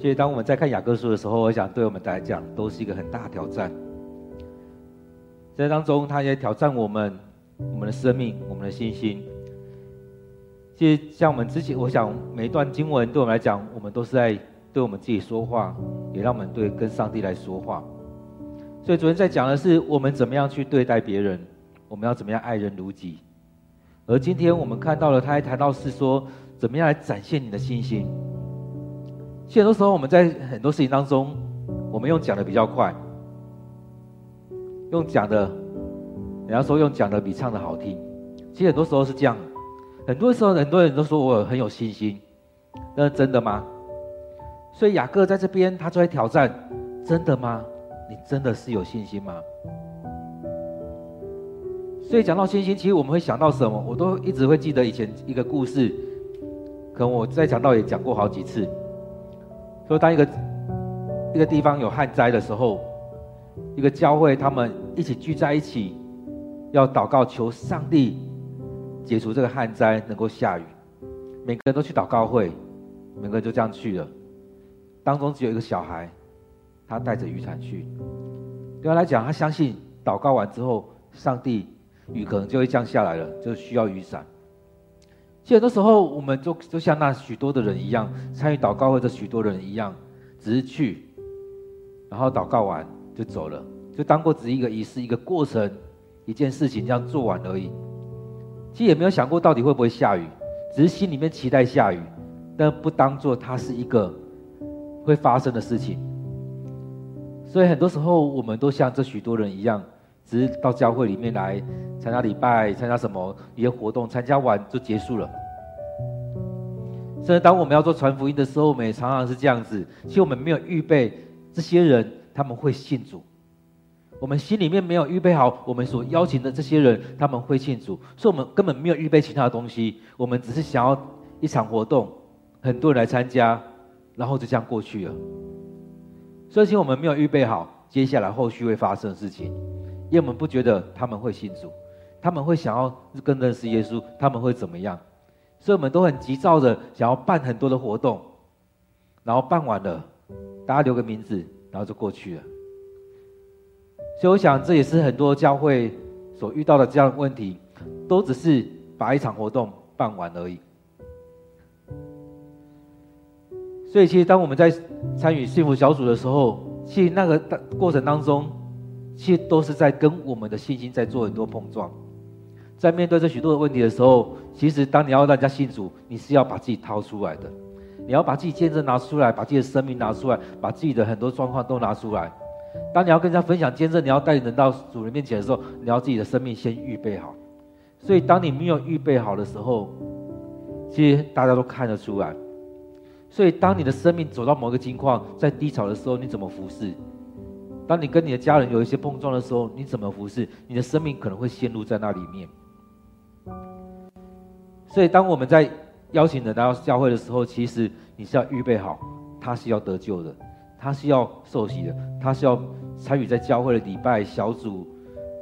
其實，當我們在看雅各書的時候，我想對我們來講都是一個很大挑戰。在當中，他也挑戰我們，我們的生命，我們的信心。其實，像我們之前，我想每一段經文對我們來講，我們都是在對我們自己說話，也讓我們對跟上帝來說話。所以，昨天在講的是我們怎麼樣去對待別人，我們要怎麼樣愛人如己。而今天我們看到了，他還談到是說怎麼樣來展現你的信心。其實很多時候我們在很多事情當中，我們用講的比較快，用講的，人家說用講的比唱的好聽。其實很多時候是這樣，很多時候很多人都說我很有信心，那是真的嗎？所以雅各在這邊他出來挑戰，真的嗎？你真的是有信心嗎？所以講到信心，其實我們會想到什麼？我都一直會記得以前一個故事，可能我在講道也講過好幾次。說當一個一個地方有旱災的時候，一個教會他們一起聚在一起，要禱告求上帝解除這個旱災，能夠下雨。每個人都去禱告會，每個人就這樣去了。當中只有一個小孩，他帶着雨傘去。對他來講，他相信禱告完之後，上帝雨可能就會降下來了，就需要雨傘。其實很多時候，我們就就像那許多的人一樣，參與禱告會的許多人一樣，只是去，然後禱告完就走了，就當過只是一個儀式、一個過程、一件事情這樣做完而已。其實也沒有想過到底會不會下雨，只是心裡面期待下雨，但不當作它是一個會發生的事情。所以很多時候，我們都像這許多人一樣。直到教會裡面來參加禮拜、參加什麼一些活動，參加完就結束了。甚至當我們要做傳福音的時候，我們也常常是這樣子。其實我們沒有預備這些人他們會信主，我們心裡面沒有預備好我們所邀請的這些人他們會信主，所以我們根本沒有預備其他的東西。我們只是想要一場活動，很多人來參加，然後就這樣過去了。所以，其實我們沒有預備好接下來後續會發生的事情。因為我們不覺得他們會信主，他們會想要更認識耶穌，他們會怎麼樣？所以我們都很急躁的想要辦很多的活動，然後辦完了，大家留個名字，然後就過去了。所以我想這也是很多教會所遇到的這樣的問題，都只是把一場活動辦完而已。所以其實當我們在參與幸福小組的時候，其實那個過程當中。其實都是在跟我們的信心在做很多碰撞，在面對這許多的問題的時候，其實當你要讓人家信主，你是要把自己掏出來的，你要把自己見證拿出來，把自己的生命拿出來，把自己的很多狀況都拿出來。當你要跟人家分享見證，你要帶人到主人面前的時候，你要自己的生命先預備好。所以，當你沒有預備好的時候，其實大家都看得出來。所以，當你的生命走到某個境況在低潮的時候，你怎麼服侍？當你跟你的家人有一些碰撞的時候，你怎麼服侍？你的生命可能會陷入在那裡面。所以，當我們在邀請人來到教會的時候，其實你是要預備好，他是要得救的，他是要受洗的，他是要參與在教會的禮拜、小組、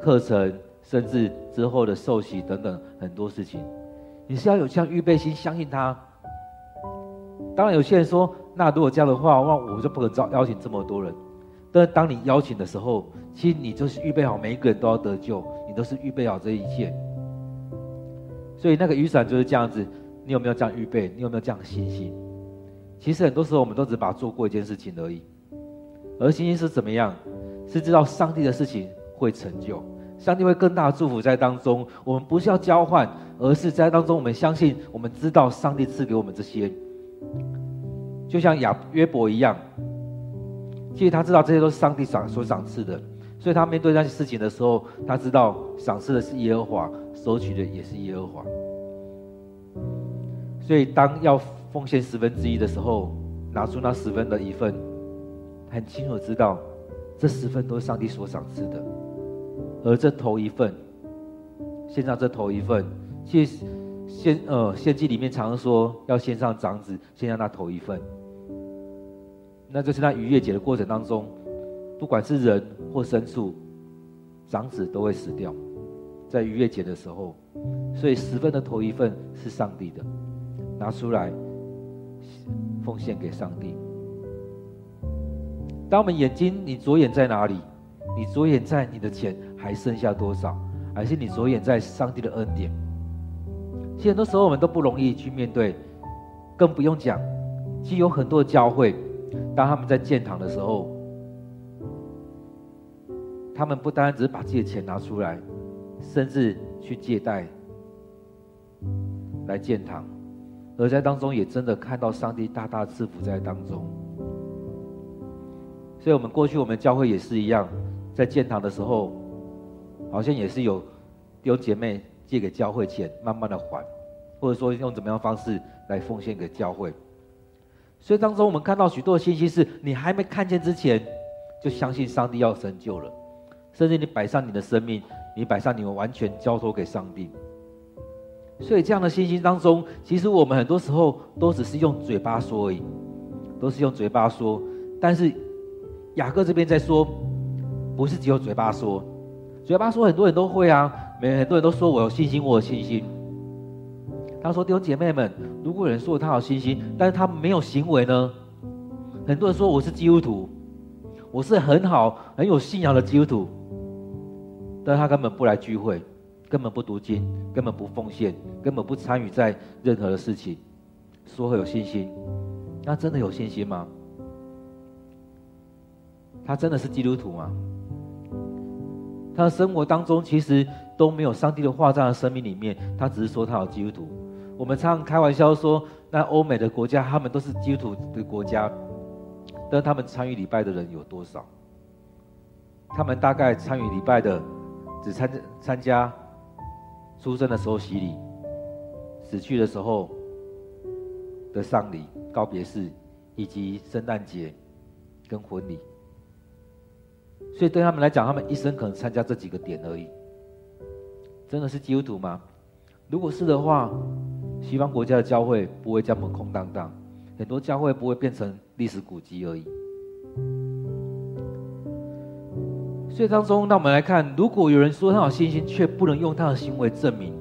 課程，甚至之後的受洗等等很多事情。你是要有這樣預備心，相信他。當然，有些人說：“那如果這樣的話，那我就不能招邀請這麼多人。”那當你邀請的時候，其實你就是預備好，每一個人都要得救，你都是預備好這一切。所以那個雨傘就是這樣子，你有沒有這樣預備？你有沒有這樣信心？其實很多時候我們都只把它做過一件事情而已。而信心是怎麼樣？是知道上帝的事情會成就，上帝會更大的祝福在當中。我們不是要交換，而是在當中我們相信，我們知道上帝賜給我們這些，就像雅約伯一樣。其實他知道這些都是上帝賞所賞賜的，所以他面對那些事情的時候，他知道賞賜的是耶和華，收取的也是耶和華。所以當要奉獻十分之一的時候，拿出那十分的一份，很清楚知道這十分都是上帝所賞賜的，而這頭一份，獻上這頭一份，其實呃，獻祭裡面常說要獻上長子先讓他頭一份。那就是在逾越節的過程當中，不管是人或牲畜，長子都會死掉，在逾越節的時候，所以十分的頭一份是上帝的，拿出來奉獻給上帝。當我們眼睛，你著眼在哪裡？你著眼在你的錢還剩下多少，還是你著眼在上帝的恩典？其實很多時候我們都不容易去面對，更不用講，既有很多教會。當他們在建堂的時候，他們不單單只是把自己的錢拿出來，甚至去借貸來建堂，而在當中也真的看到上帝大大的賜福在當中。所以我們過去我們教會也是一樣，在建堂的時候，好像也是有有姐妹借給教會錢，慢慢的還，或者說用怎麼樣方式來奉獻給教會。所以當中，我們看到許多的信心，是你還沒看見之前，就相信上帝要成就了，甚至你擺上你的生命，你擺上你們完全交託給上帝。所以這樣的信心當中，其實我們很多時候都只是用嘴巴說而已，都是用嘴巴說。但是雅各這邊在說，不是只有嘴巴說，嘴巴說很多人都會啊，每很多人都說：“我有信心，我有信心。”他說：“弟兄姐妹們，如果有人說他有信心，但是他沒有行為呢？很多人說我是基督徒，我是很好很有信仰的基督徒，但是他根本不來聚會，根本不讀經，根本不奉獻，根本不參與在任何的事情，說有信心，那真的有信心嗎？他真的是基督徒嗎？他的生活當中其實都沒有上帝的話，這樣的生命裡面，他只是說他有基督徒。”我們常開玩笑說，那歐美的國家他們都是基督徒的國家，但他們參與禮拜的人有多少？他們大概參與禮拜的，只參參加出生的時候洗禮、死去的時候的喪禮、告別式，以及聖誕節跟婚禮。所以對他們來講，他們一生可能參加這幾個點而已。真的是基督徒嗎？如果是的話。西方國家的教會不會這麼空荡蕩，很多教會不會變成歷史古蹟而已。所以當中，那我們來看，如果有人說他有信心，卻不能用他的行為證明。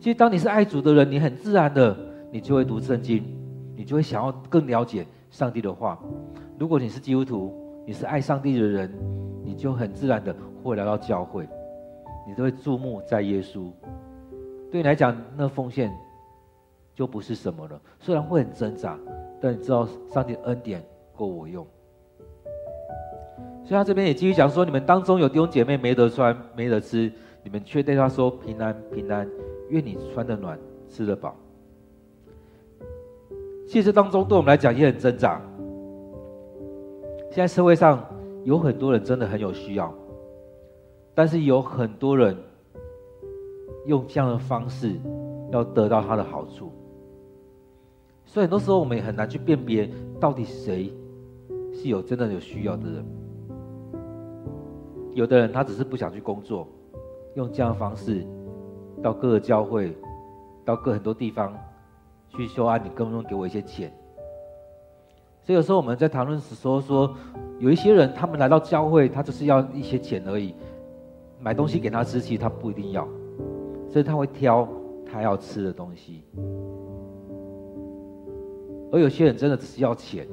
其實，當你是愛主的人，你很自然的，你就會讀聖經，你就會想要更了解上帝的話。如果你是基督徒，你是愛上帝的人，你就很自然的會來到教會，你都會注目在耶穌。對你來講，那奉獻。就不是什麼了，雖然會很掙扎，但你知道上帝恩典夠我用。所以，他這邊也繼續講說，你們當中有弟兄姐妹沒得穿、沒得吃，你們卻對他說平安、平安，願你穿得暖、吃得飽。現實當中，對我們來講也很掙扎。現在社會上有很多人真的很有需要，但是有很多人用這樣的方式要得到他的好處。所以很多時候我們也很難去辨別到底誰是有真的有需要的人。有的人他只是不想去工作，用這樣的方式到各個教會、到各很多地方去修安。你不剛給我一些錢。所以有時候我們在談論時說說，有一些人他們來到教會，他只是要一些錢而已，買東西給他吃，其實他不一定要，所以他會挑他要吃的東西。而有些人真的只是要錢，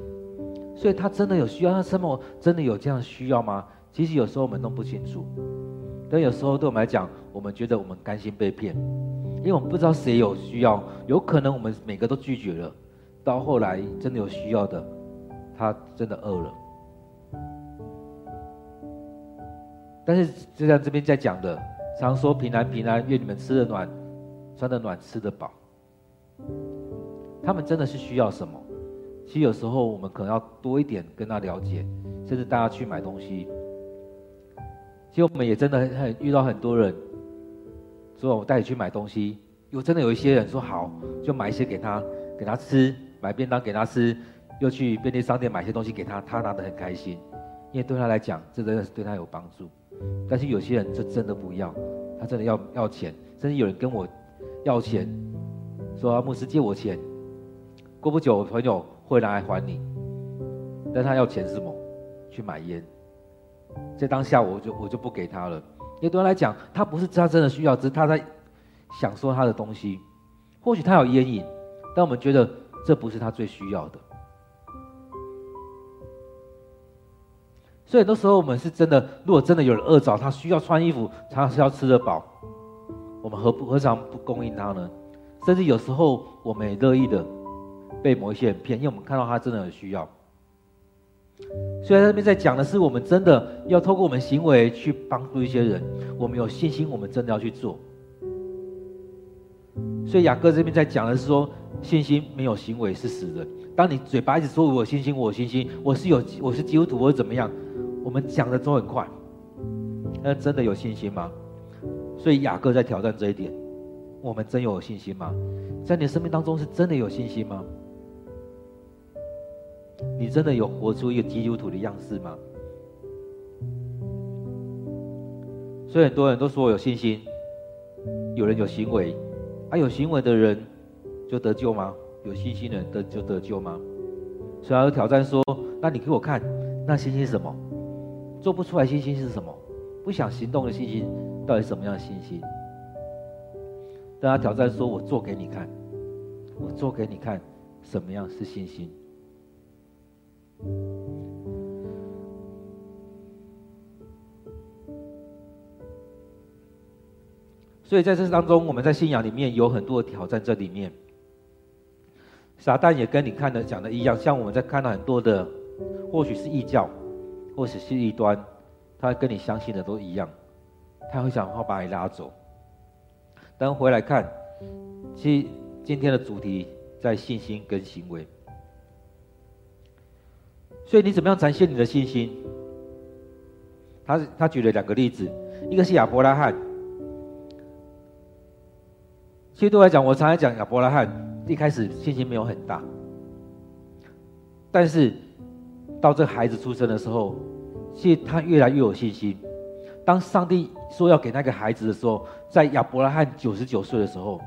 所以他真的有需要，他生活真的有這樣的需要嗎？其實有時候我們弄不清楚，但有時候對我們來講，我們覺得我們甘心被騙，因為我們不知道誰有需要，有可能我們每個都拒絕了，到後來真的有需要的，他真的餓了。但是就像這邊在講的，常說平安平安，願你們吃得暖，穿得暖，吃得飽。他們真的是需要什麼？其實有時候我們可能要多一點跟他了解，甚至帶他去買東西。其實我們也真的很很遇到很多人，說：“我帶你去買東西。有”有真的有一些人說好，就買一些給他，給他吃，買便當給他吃，又去便利商店買些東西給他，他拿得很開心，因為對他來講，這真的是對他有幫助。但是有些人就真的不要，他真的要要錢，甚至有人跟我要錢，說、啊：“牧師借我錢。”過不久，我朋友會來還你，但他要錢是某去買煙，在當下，我就我就不給他了。也對他來講，他不是他真的需要，只是他在享受他的東西。或許他有煙癮，但我們覺得這不是他最需要的。所以很多時候我們是真的，如果真的有人餓着，他需要穿衣服，他是要吃得飽，我們何不何嘗不供應他呢？甚至有時候我們也樂意的。被某一些人騙，因為我們看到他真的很需要。所以他這邊在講的是，我們真的要透過我們行為去幫助一些人。我們有信心，我們真的要去做。所以雅各這邊在講的是說，信心沒有行為是死的。當你嘴巴一直說我有信心，我有信心，我有信心，我是有，我是基督徒，我是怎麼樣，我們講的都很快。那真的有信心嗎？所以雅各在挑戰這一點，我們真有信心嗎？在你的生命當中，是真的有信心嗎？你真的有活出一個基督徒的樣式嗎？所以很多人都說我有信心。有人有行為，啊，有行為的人就得救嗎？有信心的人得就得救嗎？所以，他挑戰說：“那你給我看，那信心是什麼？做不出來信心是什麼？不想行動的信心，到底什麼樣的信心？”但他挑戰說：“我做給你看，我做給你看，什麼樣是信心？”所以在這當中，我們在信仰裡面有很多的挑戰。這裡面，撒旦也跟你看的講的一樣，像我們在看到很多的，或許是異教，或許是異端，他跟你相信的都一樣，他會想好把你拉走。但回來看，其實今天的主題在信心跟行為。所以你怎麼樣展現你的信心？他他舉了兩個例子，一個是亞伯拉罕。其實對我來講，我常常講亞伯拉罕一開始信心沒有很大，但是到這孩子出生的時候，其實他越來越有信心。當上帝說要給那個孩子的時候，在亞伯拉罕九十九歲的時候，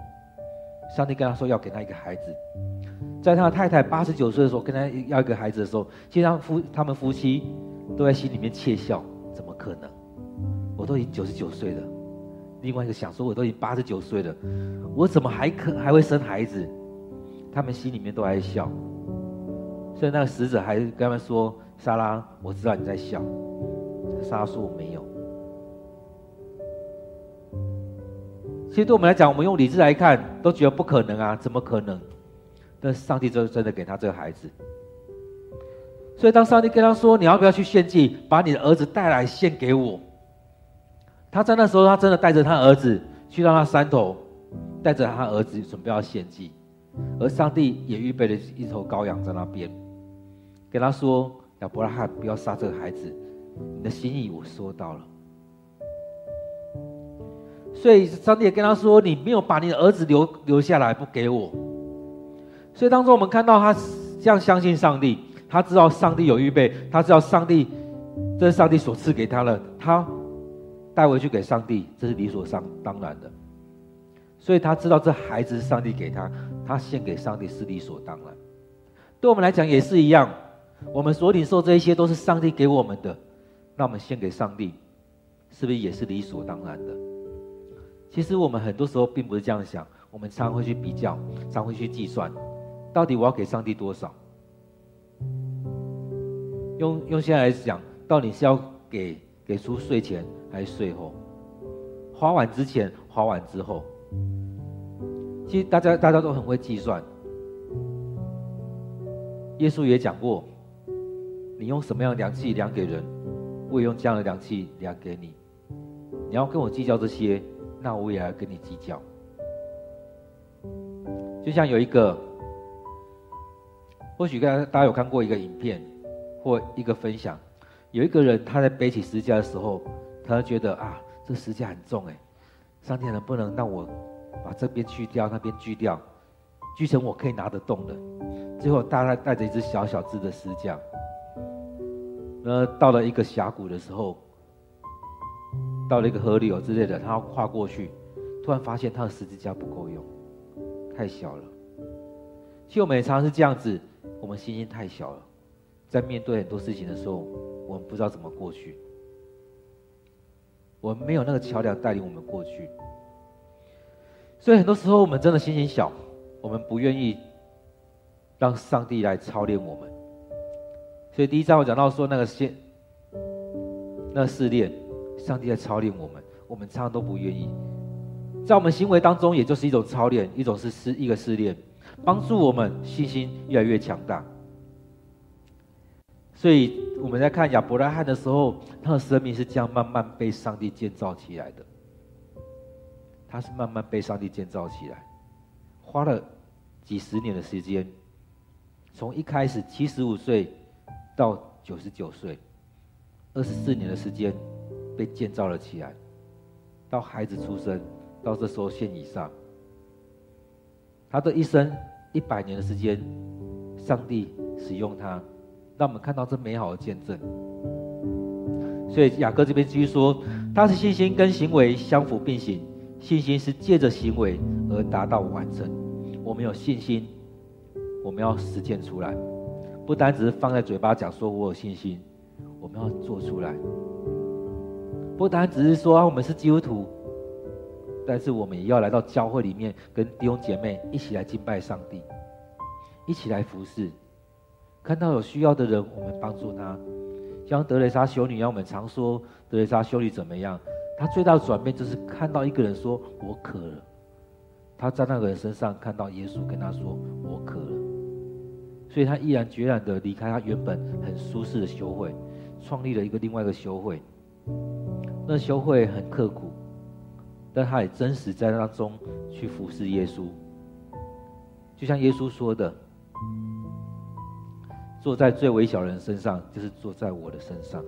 上帝跟他說要給他一個孩子。在他的太太八十九歲的時候，跟他要一個孩子的時候，其實他夫他們夫妻都在心裡面竊笑，怎麼可能？我都已經九十九歲了，另外一個想說我都已經八十九歲了，我怎麼還可還會生孩子？他們心裡面都還在笑。所以那個使者還跟他們說：“莎拉，我知道你在笑。”莎拉說：“我沒有。”其實對我們來講，我們用理智來看，都覺得不可能啊，怎麼可能？但上帝就是真的給他這個孩子，所以當上帝跟他說：“你要不要去獻祭，把你的兒子帶來獻給我？”他在那時候，他真的帶着他的兒子去到那山頭，帶着他兒子準備要獻祭，而上帝也預備了一頭羔羊在那邊，跟他說：“亞伯拉罕，不要殺這個孩子，你的心意我收到了。”所以上帝也跟他說：“你沒有把你的兒子留留下來，不給我。”所以當中，我們看到他這樣相信上帝，他知道上帝有預備，他知道上帝這是上帝所賜給他了，他帶回去給上帝，這是理所當然的。所以他知道這孩子是上帝給他，他獻給上帝是理所當然。對我們來講也是一樣，我們所領受這一些都是上帝給我們的，那我們獻給上帝，是不是也是理所當然的？其實我們很多時候並不是這樣想，我們常會去比較，常會去計算。到底我要給上帝多少？用用現在來講，到底是要給給出稅前還是稅後？花完之前，花完之後？其實大家大家都很會計算。耶穌也講過，你用什麼樣的量器量給人，我也用這樣的量器量給你。你要跟我計較這些，那我也來跟你計較。就像有一個。或許剛才大家有看過一個影片，或一個分享，有一個人他在背起十字架的時候，他就覺得啊，這十字架很重哎、欸，上天能不能讓我把這邊鋸掉，那邊鋸掉，鋸成我可以拿得動的？最後，他他帶着一只小小只的十字架。然那到了一個峽谷的時候，到了一個河流之類的，他要跨過去，突然發現他的十字架不夠用，太小了。其實我們常常是這樣子。我們信心太小了，在面對很多事情的時候，我們不知道怎麼過去，我們沒有那個橋梁帶領我們過去，所以很多時候我們真的信心小，我們不願意讓上帝來操練我們。所以第一章我講到說那個試，那個試煉，上帝在操練我們，我們常常都不願意，在我們行為當中，也就是一種操練，一種是試，一個試煉。幫助我們信心越來越強大。所以我們在看亞伯拉罕的時候，他的生命是這樣慢慢被上帝建造起來的。他是慢慢被上帝建造起來，花了幾十年的時間，從一開始七十五歲到九十九歲，二十四年的時間被建造了起來，到孩子出生，到這時候獻以撒。他的一生一百年的時間，上帝使用他，讓我們看到這美好的見證。所以雅各這邊繼續說，他的信心跟行為相輔並行，信心是借着行為而達到完整。我們有信心，我們要實踐出來，不單只是放在嘴巴講說我有信心，我們要做出來，不單只是說、啊、我們是基督徒。但是我們也要來到教會裡面，跟弟兄姐妹一起來敬拜上帝，一起來服侍。看到有需要的人，我們幫助他。像德蕾莎修女一樣，我們常說德蕾莎修女怎麼樣？她最大的轉變就是看到一個人說“我渴了”，她在那個人身上看到耶穌跟她說“我渴了”，所以她毅然決然地離開她原本很舒適的修會，創立了一個另外一個修會。那修會很刻苦。但他也真實在當中去服侍耶穌，就像耶穌說的：“坐在最微小人身上，就是坐在我的身上。”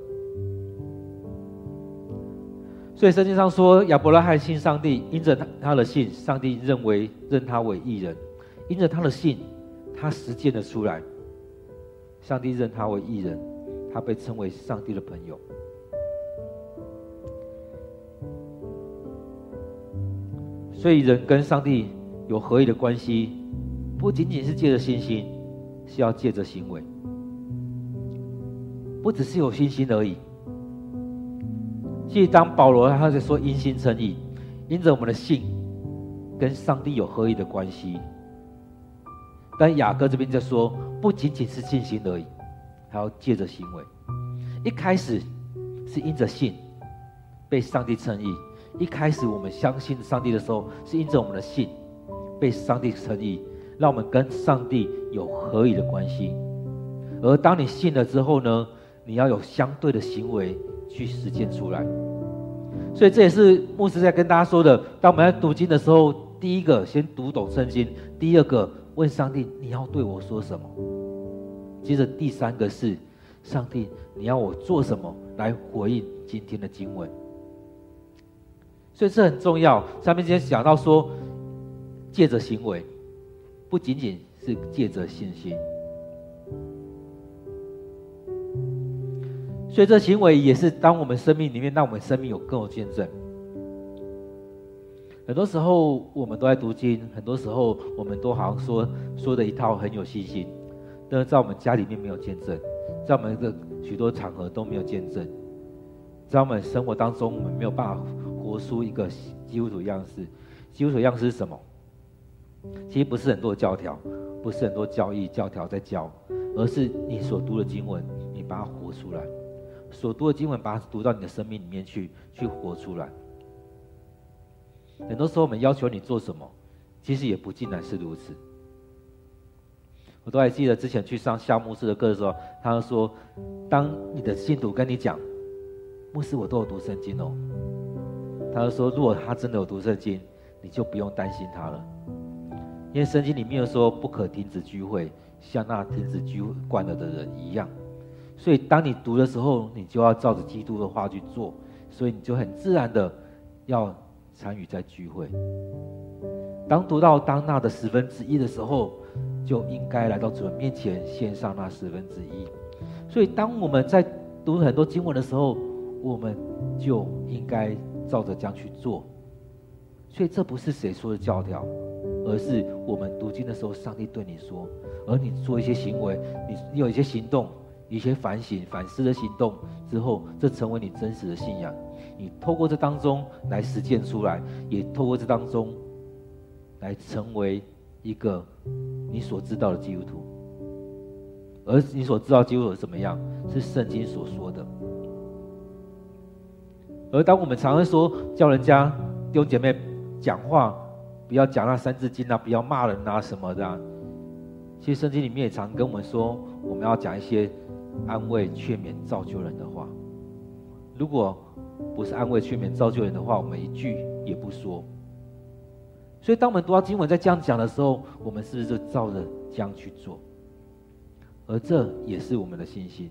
所以聖經上說，亞伯拉罕信上帝，因着他的信，上帝認為認他為義人；因着他的信，他實踐了出來，上帝認他為義人，他被稱為上帝的朋友。所以，人跟上帝有合意的關係，不僅僅是借着信心，是要借着行為，不只是有信心而已。所以，當保羅他在說因信稱義，因着我們的信跟上帝有合意的關係。但雅各這邊在說，不僅僅是信心而已，還要借着行為。一開始是因着信被上帝稱義。一開始我們相信上帝的時候，是因着我們的信，被上帝稱義，讓我們跟上帝有合一的關係。而當你信了之後呢，你要有相對的行為去實踐出來。所以這也是牧師在跟大家說的：當我們在讀經的時候，第一個先讀懂聖經；第二個問上帝，你要對我說什麼；接着第三個是，上帝你要我做什麼來回應今天的經文。所以這很重要。上面今天講到說，借着行為，不僅僅是借着信心。所以這行為也是當我們生命裡面，讓我們生命有更有見證。很多時候我們都在讀經，很多時候我們都好像說說的一套很有信心，但是在我們家裡面沒有見證，在我們的許多場合都沒有見證，在我們生活當中我們沒有辦法。國書一個基督徒樣式，基督徒樣式是什麼？其實不是很多教條，不是很多教義教條在教，而是你所讀的經文，你把它活出來。所讀的經文把它讀到你的生命裡面去，去活出來。很多時候我們要求你做什麼，其實也不盡然是如此。我都還記得之前去上夏牧師的課的時候，他說：“當你的信徒跟你講，牧師，我都有讀聖經哦。”他就說：“如果他真的有讀聖經，你就不用擔心他了，因為聖經裡面有說不可停止聚會，像那停止聚會慣了的人一樣。所以當你讀的時候，你就要照着基督的話去做，所以你就很自然的要參與在聚會。當讀到當納的十分之一的時候，就應該來到主人面前獻上那十分之一。所以當我們在讀很多經文的時候，我們就應該。”照着這樣去做，所以這不是誰說的教條，而是我們讀經的時候，上帝對你說，而你做一些行為，你有一些行動，一些反省、反思的行動之後，這成為你真實的信仰。你透過這當中來實踐出來，也透過這當中來成為一個你所知道的基督徒。而你所知道的基督徒是怎麼樣，是聖經所說的。而當我們常常說叫人家弟兄姐妹講話，不要講那、啊、三字經啊，不要罵人啊什麼的、啊，其實聖經裡面也常跟我們說，我們要講一些安慰、勸勉、造就人的話。如果不是安慰、勸勉、造就人的話，我們一句也不說。所以當我們讀到經文在這樣講的時候，我們是不是就照着這樣去做？而這也是我們的信心，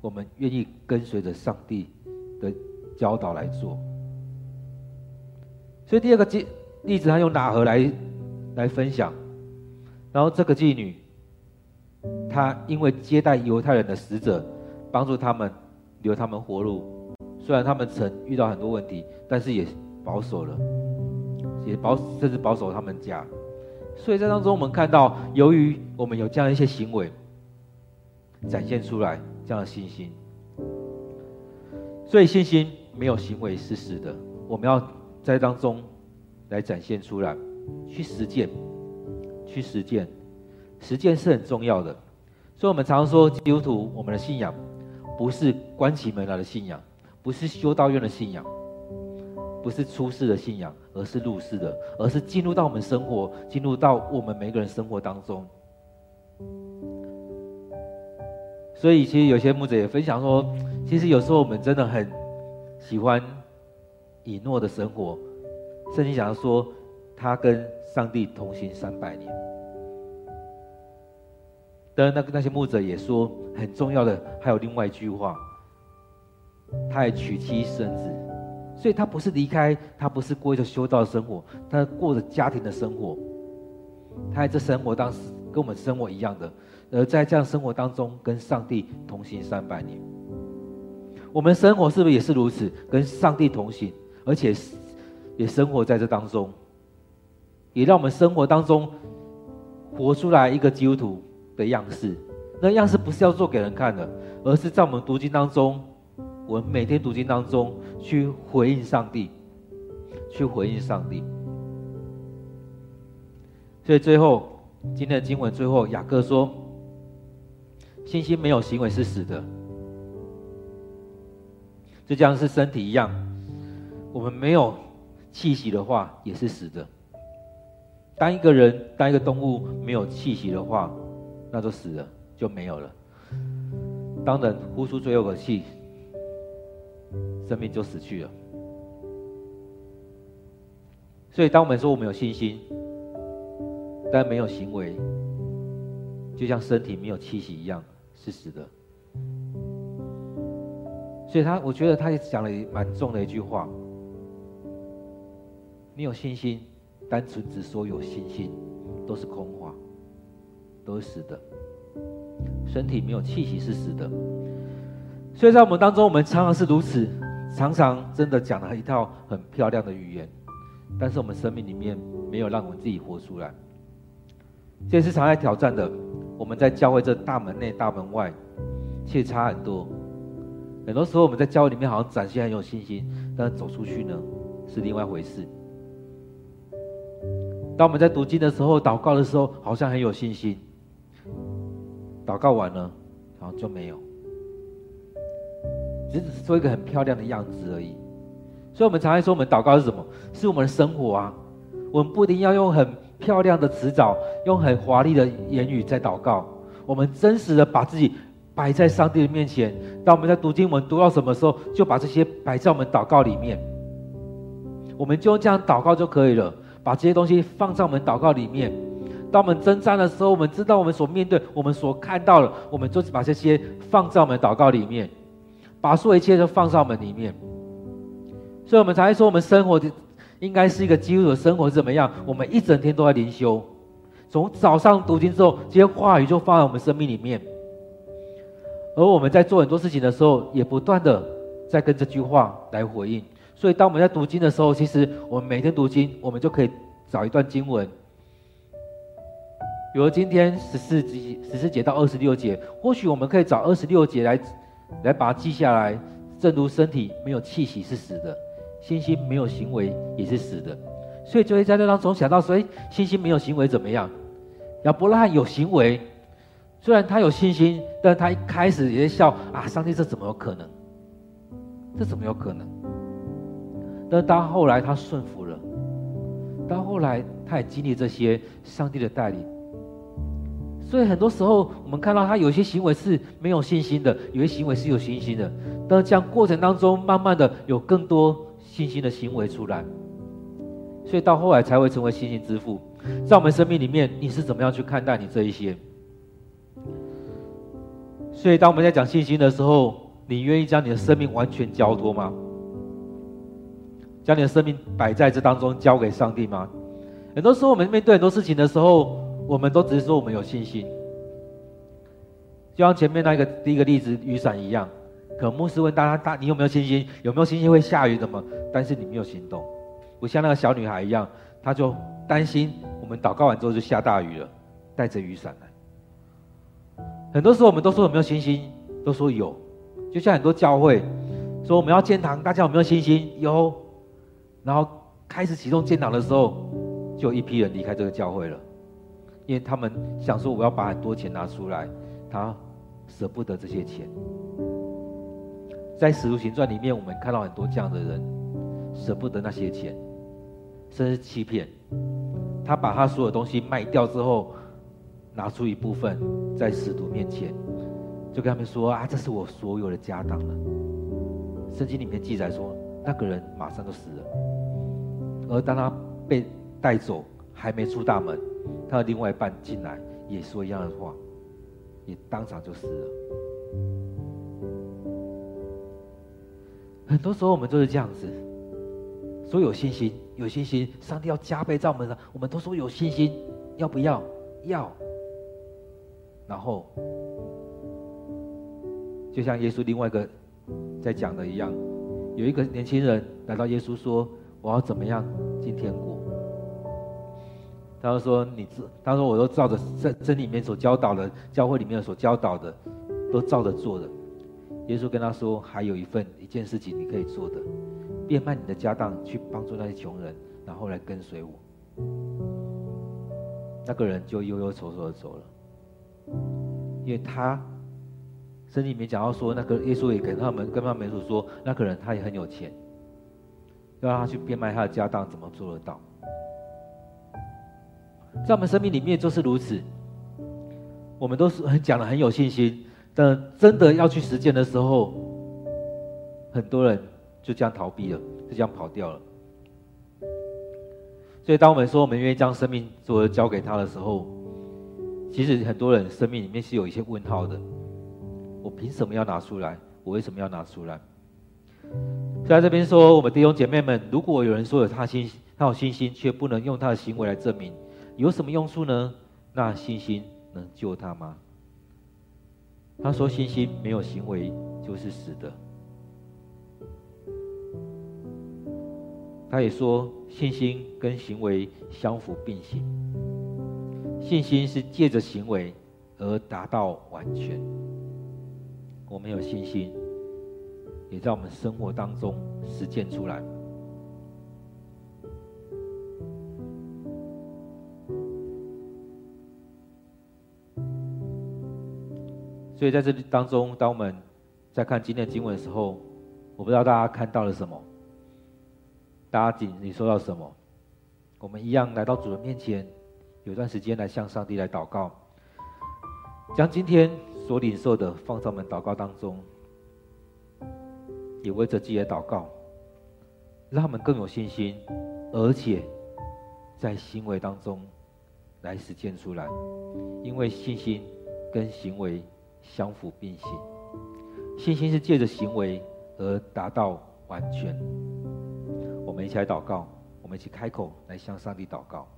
我們願意跟隨着上帝的教導來做，所以第二個例例子，他用喇合來來分享，然後這個妓女，她因為接待猶太人的使者，幫助他們，留他們活路，雖然他們曾遇到很多問題，但是也保守了，也保甚至保守他們家，所以在當中我們看到，由於我們有這樣一些行為，展現出來這樣的信心，所以信心。沒有行為是死的，我們要在當中來展現出來，去實踐，去實踐，實踐是很重要的。所以，我們常說基督徒，我們的信仰不是關起門來的信仰，不是修道院的信仰，不是出世的信仰，而是入世的，而是進入到我們生活，進入到我們每個人生活當中。所以，其實有些牧者也分享說，其實有時候我們真的很……喜歡以諾的生活，聖經講到說他跟上帝同行三百年。當然，那個那些牧者也說很重要的，還有另外一句話，他也娶妻生子，所以他不是離開，他不是過一個修道的生活，他過着家庭的生活，他在這生活，當時跟我們生活一樣的，而在這樣生活當中跟上帝同行三百年。我們生活是不是也是如此，跟上帝同行，而且也生活在這當中，也讓我們生活當中活出來一個基督徒的樣式。那個樣式不是要做給人看的，而是在我們讀經當中，我們每天讀經當中去回應上帝，去回應上帝。所以最後，今天的經文最後，雅各說：“信心沒有行為是死的。”就像是身體一樣，我們沒有氣息的話，也是死的。當一個人、當一個動物沒有氣息的話，那就死了，就沒有了。當人呼出最後口氣，生命就死去了。所以，當我們說我們有信心，但沒有行為，就像身體沒有氣息一樣，是死的。所以他，我覺得他也講了蠻重的一句話，你有信心，單純只說有信心，都是空話，都是死的。身體沒有氣息是死的。所以在我們當中，我們常常是如此，常常真的講了一套很漂亮的語言，但是我們生命裡面沒有讓我們自己活出來。這也是常在挑戰的。我們在教會這大門內、大門外，其實差很多。很多時候我們在教會裡面好像展現很有信心，但是走出去呢，是另外一回事。當我們在讀經的時候、禱告的時候，好像很有信心，禱告完了好像就沒有，只是做一個很漂亮的樣子而已。所以，我們常常說，我們禱告是什麼？是我們的生活啊。我們不一定要用很漂亮的辭藻、用很華麗的言語在禱告，我們真實的把自己。擺在上帝的面前，當我們在讀經文讀到什麼時候，就把這些擺在我們禱告裡面。我們就這樣禱告就可以了。把這些東西放在我們禱告裡面。當我們征戰的時候，我們知道我們所面對、我們所看到的，我們就把這些放在我們禱告裡面，把所有一切都放在我們裡面。所以，我們才會說，我們生活的應該是一個基督徒生活是怎麼樣？我們一整天都在靈修，從早上讀經之後，這些話語就放在我們生命裡面。而我們在做很多事情的時候，也不斷的在跟這句話來回應。所以，當我們在讀經的時候，其實我們每天讀經，我們就可以找一段經文，比如今天十四節、十四節到二十六節，或許我們可以找二十六節來，來把它記下來。正如身體沒有氣息是死的，信心沒有行為也是死的，所以就會在那當中想到說：哎，信心沒有行為怎麼樣？要不讓他有行為。雖然他有信心，但他一開始也在笑啊，上帝這怎麼有可能？這怎麼有可能？但是到後來他順服了，到後來他也經歷這些上帝的帶領。所以很多時候我們看到他有些行為是沒有信心的，有些行為是有信心的。但是這樣過程當中，慢慢的有更多信心的行為出來，所以到後來才會成為信心之父。在我們生命裡面，你是怎麼樣去看待你這一些？所以，當我們在講信心的時候，你願意將你的生命完全交托嗎？將你的生命擺在這當中，交給上帝嗎？很多時候，我們面對很多事情的時候，我們都只是說我們有信心，就像前面那個第一個例子，雨傘一樣。可能牧師問大家：大，你有沒有信心？有沒有信心會下雨的嗎？但是你沒有行動，不像那個小女孩一樣，她就擔心我們禱告完之後就下大雨了，帶着雨傘。很多時候我們都說有沒有信心？都說有，就像很多教會說我們要建堂，大家有沒有信心？有，然後開始啟動建堂的時候，就有一批人離開這個教會了，因為他們想說我要把很多錢拿出來，他捨不得這些錢。在《史徒行傳》裡面，我們看到很多這樣的人捨不得那些錢，甚至欺騙他把他所有的東西賣掉之後。拿出一部分在使徒面前，就跟他們說：“啊，這是我所有的家當了。”聖經裡面記載說，那個人馬上就死了。而當他被帶走，還沒出大門，他的另外一半進來，也說一樣的話，也當場就死了。很多時候我們就是這樣子，說有信心，有信心，上帝要加倍照顧我們上，我們都說有信心，要不要？要。然後，就像耶穌另外一個在講的一樣，有一個年輕人來到耶穌說：“我要怎麼樣進天國？”他就說：“你這……他說我都照着在真理裡面所教導的，教會裡面所教導的，都照着做的。”耶穌跟他說：“還有一份一件事情你可以做的，變賣你的家當去幫助那些窮人，然後來跟隨我。”那個人就憂憂愁愁的走了。因為他，聖經裡面講到說，那個耶穌也跟他們跟他們說，那個人他也很有錢，要讓他去變賣他的家當，怎麼做得到？在我們生命裡面就是如此，我們都是很講的很有信心，但真的要去實踐的時候，很多人就這樣逃避了，就這樣跑掉了。所以當我們說我們願意將生命作為，交給他的時候，其實很多人生命裡面是有一些問號的，我憑什麼要拿出來？我為什麼要拿出來？在這邊說，我們弟兄姐妹們，如果有人說有他信心，他有信心，卻不能用他的行為來證明，有什麼用處呢？那信心能救他嗎？他說信心沒有行為就是死的。他也說信心跟行為相輔並行。信心是借着行為而達到完全。我們有信心，也在我們生活當中實踐出來。所以，在這當中，當我們在看今天的經文的時候，我不知道大家看到了什麼，大家緊，你說到什麼？我們一樣來到主人面前。有段時間來向上帝來禱告，將今天所領受的放在我們禱告當中，也為着自己的禱告，讓他們更有信心，而且在行為當中來實踐出來，因為信心跟行為相輔並行，信心是借着行為而達到完全。我們一起來禱告，我們一起開口來向上帝禱告。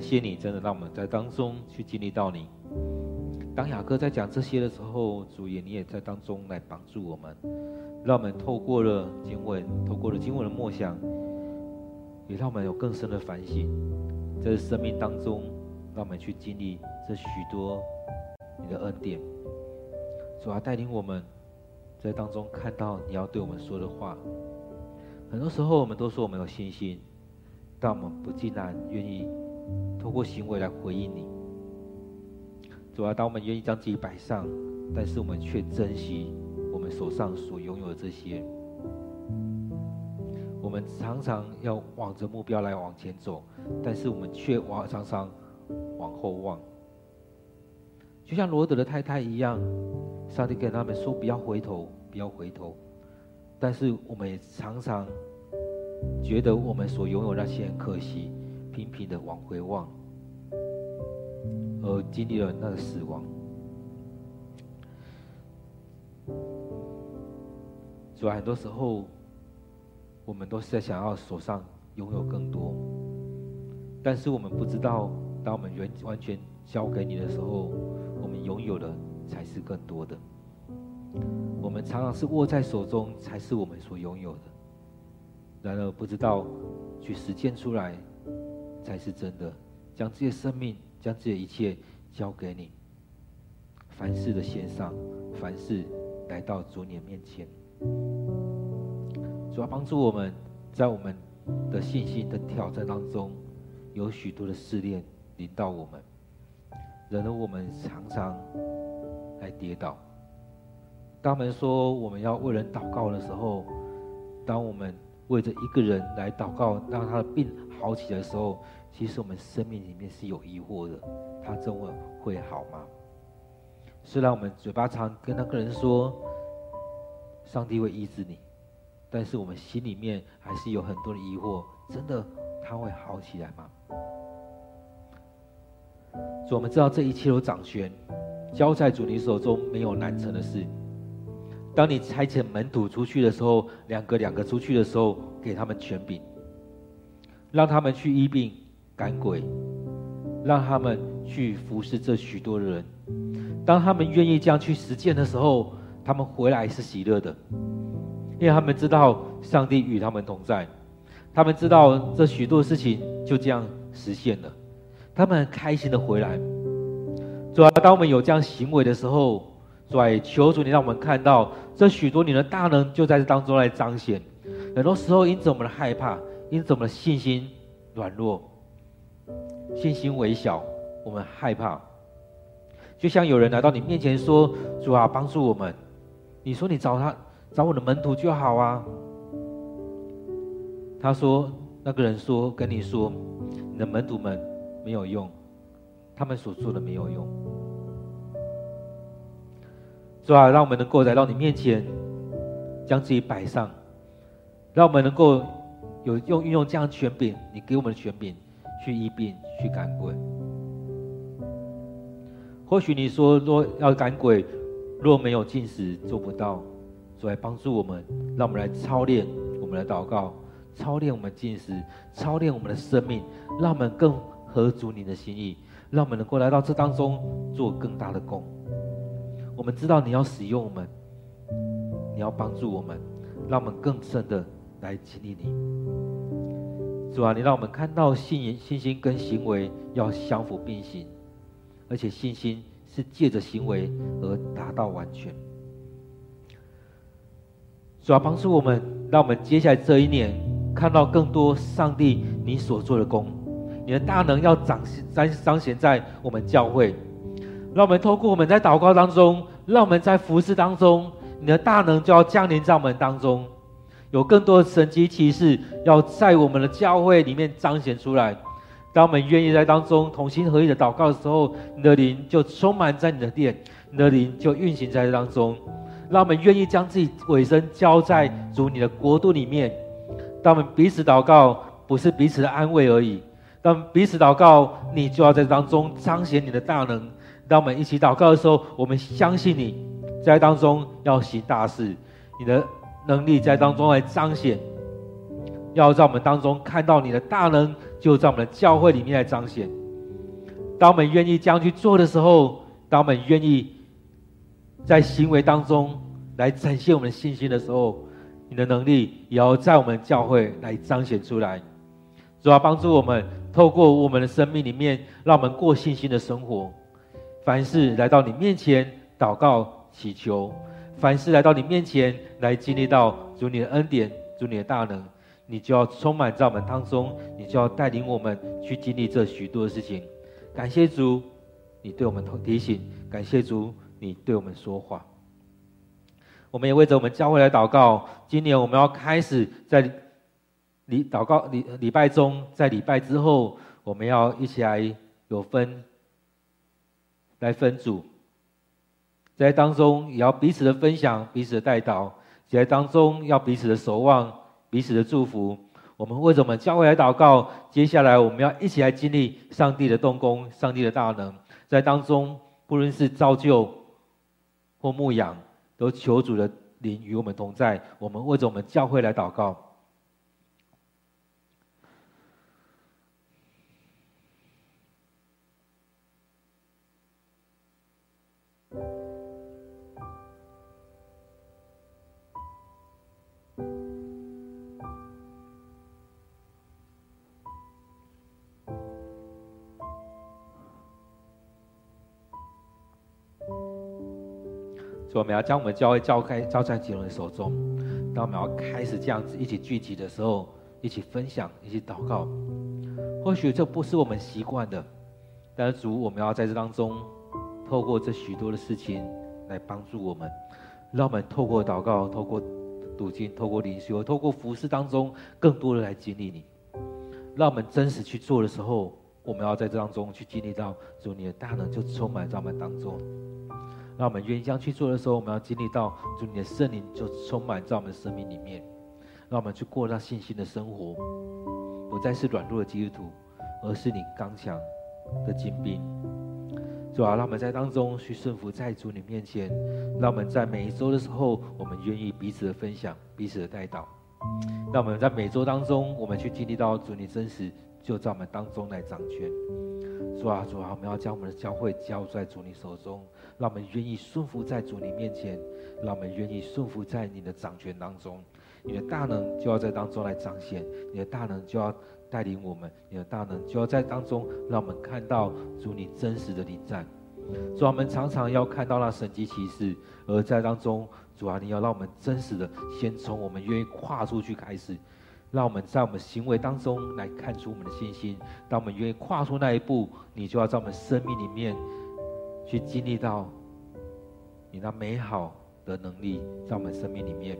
感謝你，真的讓我們在當中去經歷到你。當雅各在講這些的時候，主耶你也在當中來幫助我們，讓我們透過了經文，透過了經文的默想，也讓我們有更深的反省。在生命當中，讓我們去經歷這許多你的恩典。主啊，帶領我們在當中看到你要對我們說的話。很多時候，我們都說我們有信心，但我們不竟然願意。通過行為來回應你。主要，當我們願意將自己擺上，但是我們卻珍惜我們手上所擁有的這些。我們常常要望着目標來往前走，但是我們卻往常常往後望。就像羅德的太太一樣，上帝跟他們說：“不要回頭，不要回頭。”但是我們也常常覺得我們所擁有那些很可惜。頻頻的往回望，而經歷了那個死亡。所以，很多時候我們都是在想要手上擁有更多，但是我們不知道，當我們完完全全交給你的時候，我們擁有的才是更多的。我們常常是握在手中，才是我們所擁有的，然而不知道去實踐出來。才是真的，將這些生命，將這些一切交給你。凡事的獻上，凡事來到主你面前。主要幫助我們，在我們的信心的挑戰當中，有許多的試煉臨到我們，使得我們常常來跌倒。當他們說我們要為人禱告的時候，當我們為着一個人來禱告，讓他的病。好起來的時候，其實我們生命裡面是有疑惑的。他這麼會好嗎？雖然我們嘴巴常跟那個人說，上帝會醫治你，但是我們心裡面還是有很多的疑惑。真的他會好起來嗎？所以我們知道這一切都掌權，交在主你手中，沒有難成的事。當你差遣門徒出去的時候，兩個兩個出去的時候，給他們權柄。讓他們去醫病、趕鬼，讓他們去服侍這許多人。當他們願意這樣去實踐的時候，他們回來是喜樂的，因為他們知道上帝與他們同在，他們知道這許多事情就這樣實現了，他們很開心的回來。主啊，當我們有這樣行為的時候，主啊，求主你讓我們看到這許多你的大能就在這當中來彰顯。很多時候，因著我們的害怕。因怎麼信心軟弱，信心微小，我們害怕。就像有人來到你面前說：“主啊，幫助我們。”你說：“你找他，找我的門徒就好啊。”他說：“那個人說跟你說，你的門徒們沒有用，他們所做的沒有用。”主啊，讓我們能夠來到你面前，將自己擺上，讓我們能夠。有用運用這樣的權柄，你給我們的權柄去醫病、去趕鬼。或許你說，若要趕鬼，若沒有禁食做不到，就來幫助我們，讓我們來操練我們的禱告，操練我們禁食，操練我們的生命，讓我們更合足你的心意，讓我們能夠來到這當中做更大的工。我們知道你要使用我們，你要幫助我們，讓我們更深的來經歷你。主啊，你讓我們看到信信心跟行為要相輔並行，而且信心是借着行為而達到完全。主啊，幫助我們，讓我們接下來這一年看到更多上帝你所做的工。你的大能要彰顯彰彰顯在我們教會。讓我們透過我們在禱告當中，讓我們在服侍當中，你的大能就要降臨在我們當中。有更多的神蹟奇事要在我們的教會裡面彰顯出來，當我們願意在當中同心合意的禱告的時候，你的靈就充滿在你的殿，你的靈就運行在這當中。讓我們願意將自己尾聲交在主你的國度裡面。當我們彼此禱告，不是彼此的安慰而已。當我們彼此禱告，你就要在當中彰顯你的大能。當我們一起禱告的時候，我們相信你在當中要行大事。你的。能力在當中來彰顯，要在我們當中看到你的大能，就在我們的教會裡面來彰顯。當我們願意這樣去做的時候，當我們願意在行為當中來展現我們的信心的時候，你的能力也要在我們的教會來彰顯出來，主要幫助我們透過我們的生命裡面，讓我們過信心的生活。凡事來到你面前禱告祈求。凡事來到你面前來經歷到主你的恩典，主你的大能，你就要充滿在我們當中，你就要帶領我們去經歷這許多的事情。感謝主，你對我們提醒；感謝主，你對我們說話。我們也為着我們教會來禱告。今年我們要開始在禮禱告禮禮拜中，在禮拜之後，我們要一起來有分，來分組。在當中也要彼此的分享、彼此的代禱，在當中要彼此的守望、彼此的祝福。我們為著我們教會來禱告，接下來我們要一起來經歷上帝的動工、上帝的大能。在當中不論是造就或牧養，都求主的靈與我們同在。我們為着我們教會來禱告。所以我們要將我們教會召開召在幾人手中。當我們要開始這樣子一起聚集的時候，一起分享，一起禱告。或許這不是我們習慣的，但是主，我們要在這當中，透過這許多的事情來幫助我們，讓我們透過禱告、透過讀經、透過靈修、透過服事當中，更多的來經歷你，讓我們真實去做的時候，我們要在這當中去經歷到，主你的大能就充滿、在我們當中。那我們願意將去做的時候，我們要經歷到主你的聖靈就充滿在我們的生命裡面，讓我們去過上信心的生活，不再是軟弱的基督徒，而是你剛強的精兵，主啊，讓我們在當中去順服在主你面前，讓我們在每一周的時候，我們願意彼此的分享、彼此的代禱。讓我們在每周當中，我們去經歷到主你真實就在我們當中來掌權。主啊，主啊，我們要將我們的教會交在主你手中，讓我們願意順服在主你面前，讓我們願意順服在你的掌權當中，你的大能就要在當中來彰顯，你的大能就要帶領我們，你的大能就要在當中讓我們看到主你真實的臨在。主啊，我們常常要看到那神蹟奇事，而在當中，主啊，你要讓我們真實的先從我們願意跨出去開始。讓我們在我們行為當中來看出我們的信心。當我們願意跨出那一步，你就要在我們生命裡面去經歷到你那美好的能力，在我們生命裡面。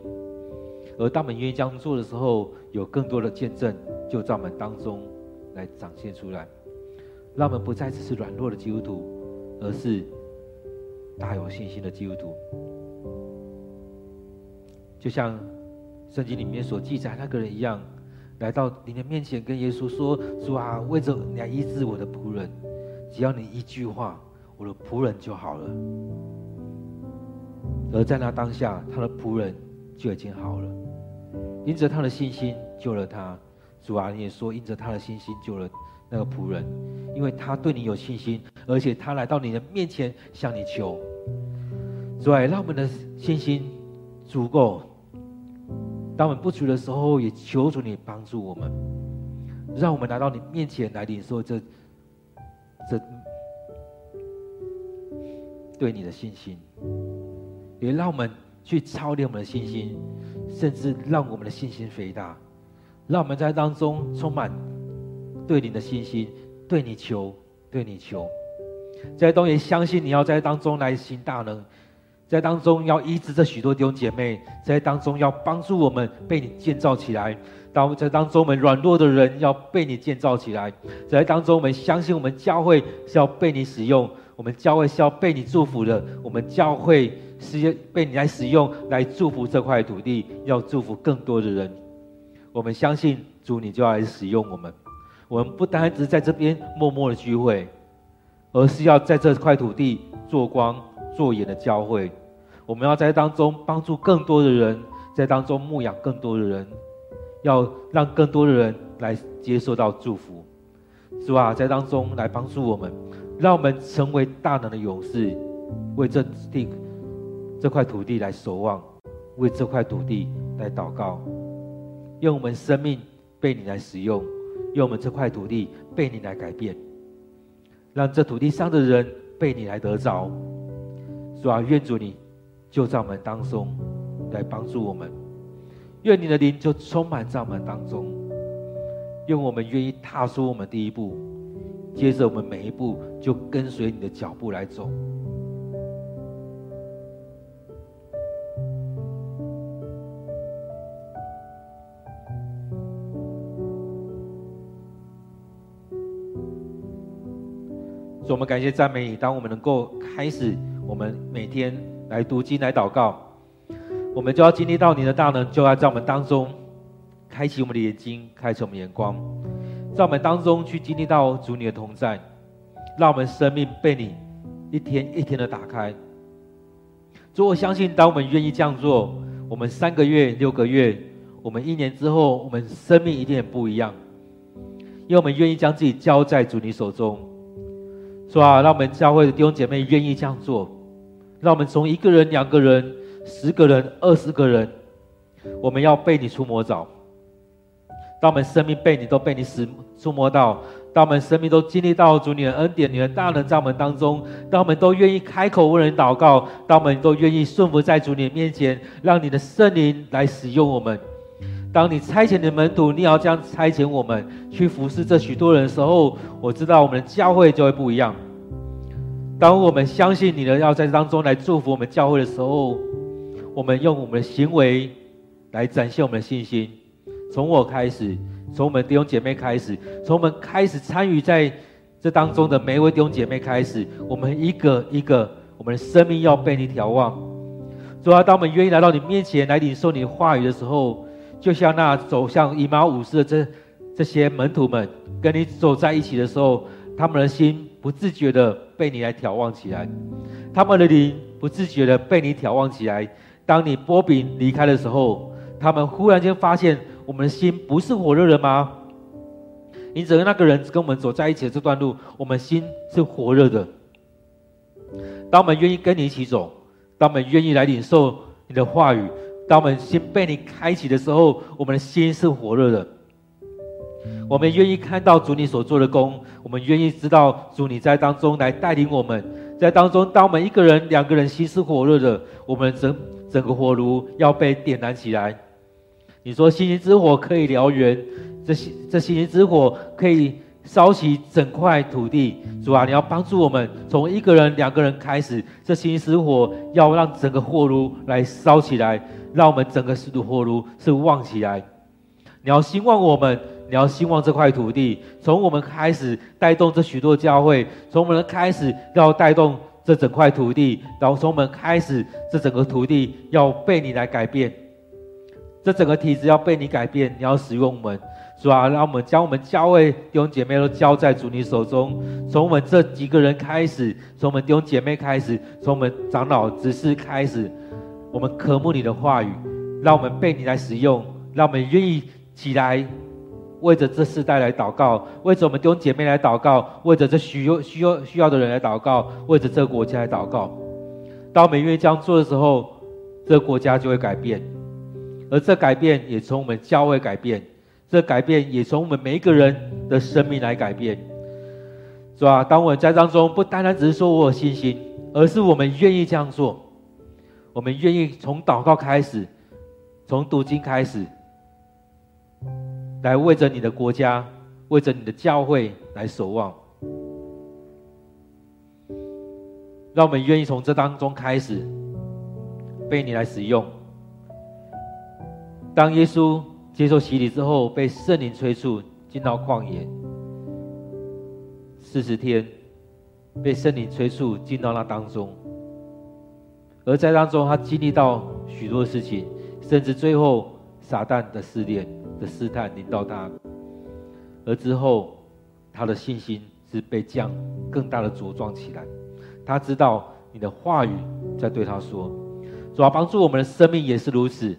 而當我們願意這樣做的時候，有更多的見證，就在我們當中來展現出來。讓我們不再只是軟弱的基督徒，而是大有信心的基督徒。就像，聖經裡面所記載那個人一樣，來到你的面前，跟耶穌說：“主啊，為着你來醫治我的僕人，只要你一句話，我的僕人就好了。”而在那當下，他的僕人就已經好了，因着他的信心救了他。主啊，你也說，因着他的信心救了那個僕人，因為他對你有信心，而且他來到你的面前向你求。主啊，讓我們的信心足夠。當我們不足的時候，也求主你幫助我們，讓我們來到你面前，來領受這這對你的信心，也讓我們去操練我們的信心，甚至讓我們的信心肥大，讓我們在當中充滿對你的信心，對你求，對你求，在東西相信你要在當中來行大能。在當中要醫治這許多弟兄姐妹，在當中要幫助我們被你建造起來；當在當中，我們軟弱的人要被你建造起來；在當中，我們相信我們教會是要被你使用，我們教會是要被你祝福的，我們教會是要被你來使用來祝福這塊土地，要祝福更多的人。我們相信主，你就要來使用我們。我們不單只是在這邊默默的聚會，而是要在這塊土地做光做鹽的教會。我們要在當中幫助更多的人，在當中牧養更多的人，要讓更多的人來接受到祝福，主啊，在當中來幫助我們，讓我們成為大能的勇士，為這地這塊土地來守望，為這塊土地來禱告，用我們生命被你來使用，用我們這塊土地被你來改變，讓這土地上的人被你來得着，主啊，願主你。就在我們當中，來幫助我們。願你的靈就充滿在我們當中。願我們願意踏出我們第一步，接着我們每一步就跟隨你的腳步來走。所以我們感謝讚美你，當我們能夠開始，我們每天。來讀經，來禱告，我們就要經歷到你的大能，就要在我們當中開啟我們的眼睛，開啟我們眼光，在我們當中去經歷到主你的同在，讓我們生命被你一天一天的打開。主，我相信當我們願意這樣做，我們三個月、六個月，我們一年之後，我們生命一定很不一樣，因為我們願意將自己交在主你手中，是吧？讓我們教會的弟兄姐妹願意這樣做。讓我們從一個人、兩個人、十個人、二十個人，我們要被你觸摸着，當我們生命被你都被你使觸摸到，當我們生命都經歷到主你的恩典，你的大能在我們當中，當我們都願意開口為人禱告，當我們都願意順服在主你的面前，讓你的聖靈來使用我們。當你差遣你的門徒，你要這樣差遣我們去服侍這許多人的時候，我知道我們的教會就會不一樣。當我們相信你呢，要在當中來祝福我們教會的時候，我們用我們的行為來展現我們的信心。從我開始，從我們弟兄姐妹開始，從我們開始參與在這當中的每一位弟兄姐妹開始，我們一個一個，我們的生命要被你眺望。主啊，當我們願意來到你面前來領受你話語的時候，就像那走向以馬忤斯的這這些門徒們，跟你走在一起的時候，他們的心。不自覺的被你來挑旺起來，他們的靈不自覺的被你挑旺起來。當你擘餅離開的時候，他們忽然間發現，我們的心不是火熱的嗎？你整個那個人跟我們走在一起的這段路，我們心是火熱的。當我們願意跟你一起走，當我們願意來領受你的話語，當我們心被你開啟的時候，我們的心是火熱的。我們願意看到主你所做的工，我們願意知道主你在當中來帶領我們，在當中，當我們一個人、兩個人心似火熱的，我們整整個火爐要被點燃起來。你說，星星之火可以燎原，這星這星星之火可以燒起整塊土地。主啊，你要幫助我們，從一個人、兩個人開始，這星星之火要讓整個火爐來燒起來，讓我們整個四足火爐是旺起來。你要希望我們。你要希望這塊土地，從我們開始帶動這許多教會，從我們開始要帶動這整塊土地，然後從我們開始這整個土地要被你來改變，這整個體制要被你改變。你要使用我們，主啊，讓我們將我們教會弟兄姐妹都交在主你手中。從我們這幾個人開始，從我們弟兄姐妹開始，從我們長老執事開始，我們渴慕你的話語，讓我們被你來使用，讓我們願意起來。為着這世代來禱告，為着我們弟兄姐妹來禱告，為着這需要需要需要的人來禱告，為着這個國家來禱告。當我們願意這樣做的時候，這個國家就會改變，而這改變也從我們教會改變，這改變也從我們每一個人的生命來改變，是吧？當我們在當中，不單單只是說我有信心，而是我們願意這樣做，我們願意從禱告開始，從讀經開始。來為着你的國家，為着你的教會來守望。讓我們願意從這當中開始，被你來使用。當耶穌接受洗禮之後，被聖靈催促進到曠野四十天，被聖靈催促進到那當中，而在當中他經歷到許多事情，甚至最後撒旦的試煉的試探，臨到他，而之後他的信心是被這樣更大的茁壯起來。他知道你的話語在對他說，主要幫助我們的生命也是如此。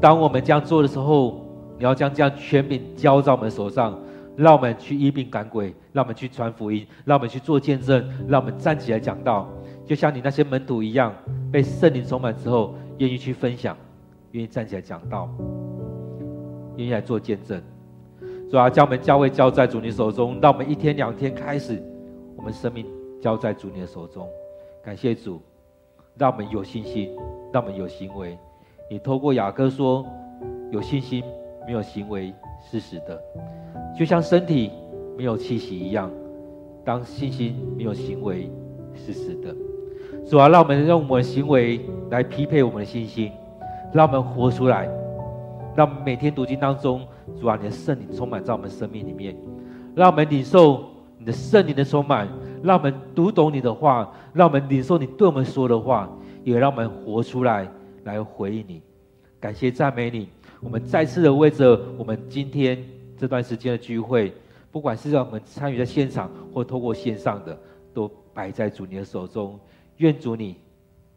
當我們這樣做的時候，你要將這樣權柄交在我們手上，讓我們去醫病趕鬼，讓我們去傳福音，讓我們去做見證，讓我們站起來講道，就像你那些門徒一樣，被聖靈充滿之後，願意去分享，願意站起來講道。願意來做見證，主啊，將我們教會交在主你手中，讓我們一天兩天開始，我們生命交在主你的手中。感謝主，讓我們有信心，讓我們有行為。你透過雅各說，有信心沒有行為是死的，就像身體沒有氣息一樣。當信心沒有行為是死的，主啊，讓我們用我們的行為來匹配我們的信心，讓我們活出來。讓每天讀經當中，主啊，你的聖靈充滿在我們生命裡面，讓我們領受你的聖靈的充滿，讓我們讀懂你的話，讓我們領受你對我們說的話，也讓我們活出來來回應你，感謝讚美你。我們再次的為着我們今天這段時間的聚會，不管是讓我們參與在現場或透過線上的，都擺在主你的手中，願主你。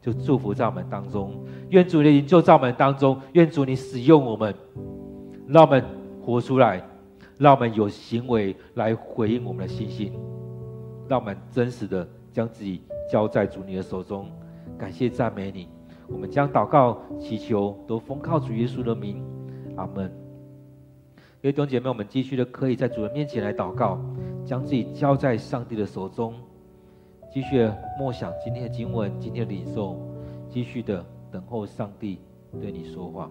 就祝福在我們當中，願主你的營救在我們當中，願主你使用我們，讓我們活出來，讓我們有行為來回應我們的信心，讓我們真實的將自己交在主你的手中，感謝讚美你，我們將禱告祈求都奉靠主耶穌的名，阿門。因為弟兄姐妹，我們繼續的可以在主你面前來禱告，將自己交在上帝的手中。繼續的默想今天的經文，今天的領受，繼續的等候上帝對你說話。